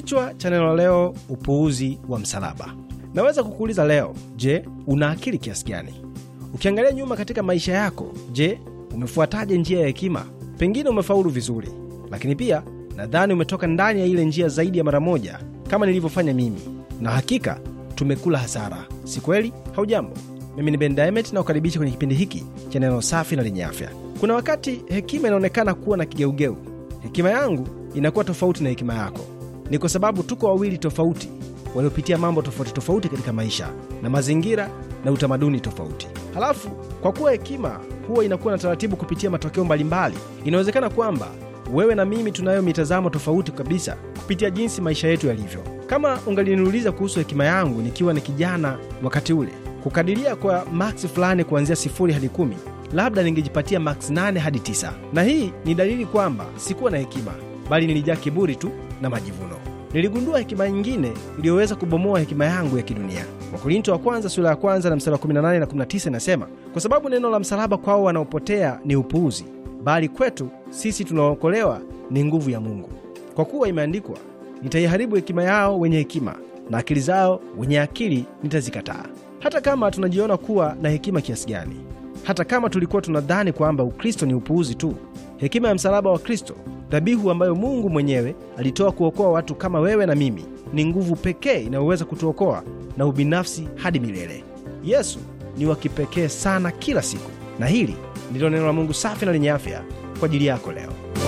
Kichwa cha neno leo, upuuzi wa msalaba. Naweza kukuuliza leo, je, una akili kiasi gani? Ukiangalia nyuma katika maisha yako, je, umefuataje njia ya hekima? Pengine umefaulu vizuri, lakini pia nadhani umetoka ndani ya ile njia zaidi ya mara moja, kama nilivyofanya mimi, na hakika tumekula hasara, si kweli? Haujambo, mimi ni Ben Diamond na kukaribisha kwenye kipindi hiki cha neno safi na lenye afya. Kuna wakati hekima inaonekana kuwa na kigeugeu. Hekima yangu inakuwa tofauti na hekima yako ni kwa sababu tuko wawili tofauti waliopitia mambo tofauti tofauti katika maisha na mazingira na utamaduni tofauti. Halafu kwa kuwa hekima huwa inakuwa na taratibu kupitia matokeo mbalimbali, inawezekana kwamba wewe na mimi tunayo mitazamo tofauti kabisa kupitia jinsi maisha yetu yalivyo. Kama ungaliniuliza kuhusu hekima yangu nikiwa ni kijana wakati ule, kukadiria kwa max fulani kuanzia sifuri hadi kumi, labda ningejipatia max nane hadi tisa, na hii ni dalili kwamba sikuwa na hekima bali nilijaa kiburi tu na majivuno. Niligundua hekima nyingine iliyoweza kubomoa hekima yangu ya kidunia. Wakorinto wa kwanza sura ya kwanza na mstari wa 18 na 19 inasema, kwa sababu neno la msalaba kwao wanaopotea ni upuuzi, bali kwetu sisi tunaokolewa ni nguvu ya Mungu. Kwa kuwa imeandikwa, nitaiharibu hekima yao wenye hekima na akili zao wenye akili nitazikataa. Hata kama tunajiona kuwa na hekima kiasi gani, hata kama tulikuwa tunadhani kwamba Ukristo ni upuuzi tu, hekima ya msalaba wa Kristo Dhabihu ambayo Mungu mwenyewe alitoa kuokoa watu kama wewe na mimi ni nguvu pekee inayoweza kutuokoa na ubinafsi hadi milele. Yesu ni wa kipekee sana kila siku, na hili ndilo neno la Mungu safi na lenye afya kwa ajili yako leo.